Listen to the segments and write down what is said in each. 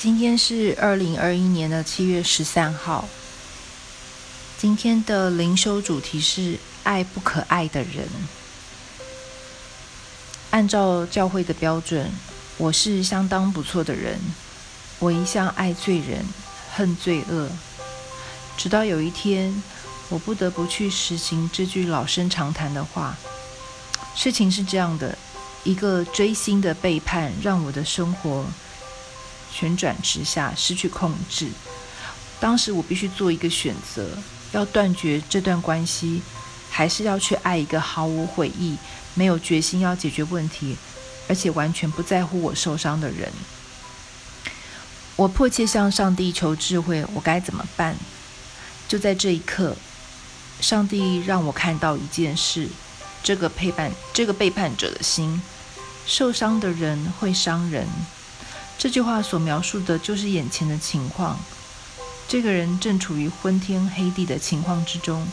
今天是二零二一年的七月十三號。今天的靈修主題是“愛不可愛的人”。按照教會的標準，我是相當不錯的人。我一向愛罪人，恨罪惡。直到有一天，我不得不去實行這句老生常談的話。事情是這樣的：一個錐心的背叛，讓我的生活旋轉直下，失去控制。當時我必須做一個選擇：要斷絕這段關係，還是要去愛一個毫無悔意、沒有決心要解決問題，而且完全不在乎我受傷的人？我迫切向上帝求智慧，我該怎麼辦？就在這一刻，上帝讓我看到一件事：這個背叛、這個背叛者的心，受傷的人會傷人。這句話所描述的就是眼前的情況。這個人正處於昏天黑地的情況之中，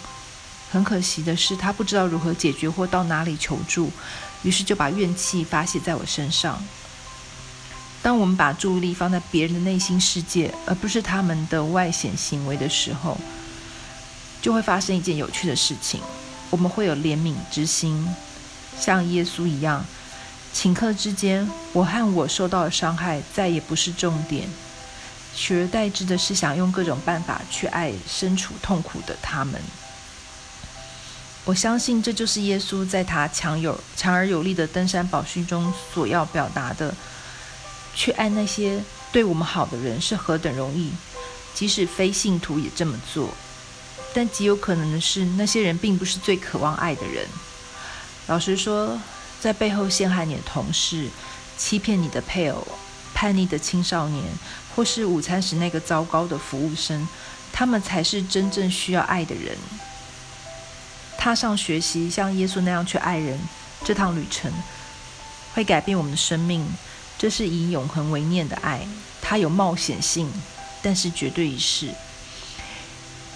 很可惜的是，他不知道如何解決或到哪裡求助，於是就把怨氣發洩在我身上。當我們把注意力放在別人的內心世界，而不是他們的外顯行為的時候，就會發生一件有趣的事情：我們會有憐憫之心，像耶穌一樣。頃刻之間，我和我受到的傷害再也不是重點，取而代之的是想用各種辦法去愛身處痛苦的他們。我相信這就是耶穌在他強有強而有力的登山寶訓中所要表達的：去愛那些對我們好的人是何等容易，即使非信徒也這麼做。但極有可能的是，那些人並不是最渴望愛的人。老實說，在背後陷害你的同事，欺騙你的配偶，叛逆的青少年，或是午餐時那個糟糕的服務生，他們才是真正需要愛的人。踏上學習像耶穌那樣去愛人這趟旅程，會改變我們的生命。這是以永恆為念的愛，它有冒險性，但是絕對一試。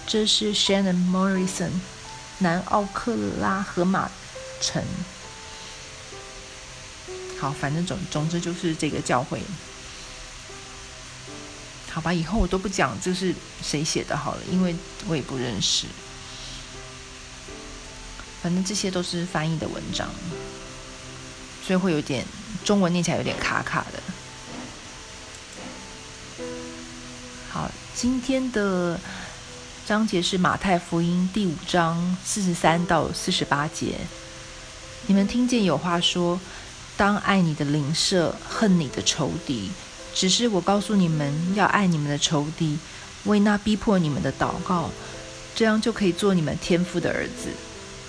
這是 Shannon Morrison，南奧克拉荷馬城。好，反正總總之就是這個教會，好吧？以後我都不講這是誰寫的，好了，因為我也不認識。反正這些都是翻譯的文章，所以會有點中文念起來有點卡卡的。好，今天的章節是馬太福音第五章四十三到四十八節。你們聽見有話說。當愛你的鄰舍，恨你的仇敵。只是我告訴你們，要愛你們的仇敵，為那逼迫你們的禱告，這樣就可以做你們天父的兒子，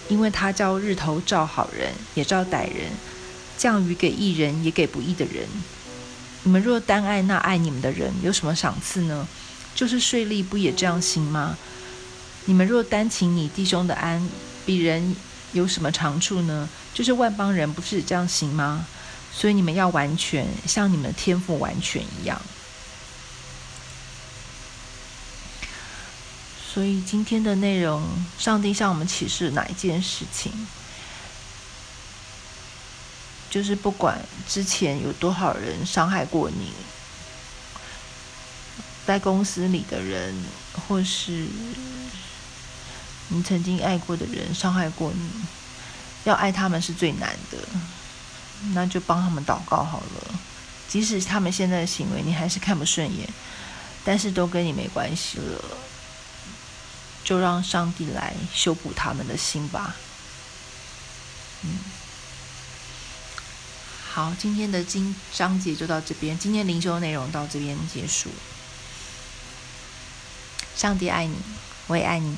因為他叫日頭照好人，也照歹人，降雨給義人，也給不義的人。你們若單愛那愛你們的人，有什麼賞賜呢？就是稅吏不也這樣行嗎？你們若單請你弟兄的安，比人。有什麼長處呢？就是外邦人不是這樣行嗎？所以你們要完全，像你們的天父完全一樣。所以今天的內容，上帝向我們啟示哪一件事情？就是不管之前有多少人傷害過你，在公司裡的人，或是。你曾經愛過的人傷害過你，要愛他們是最難的，那就幫他們禱告好了。即使他們現在的行為你還是看不順眼，但是都跟你沒關係了，就讓上帝來修補他們的心吧。嗯，好，今天的經章節就到這邊，今天靈修的內容到這邊結束。上帝愛你，我也愛你。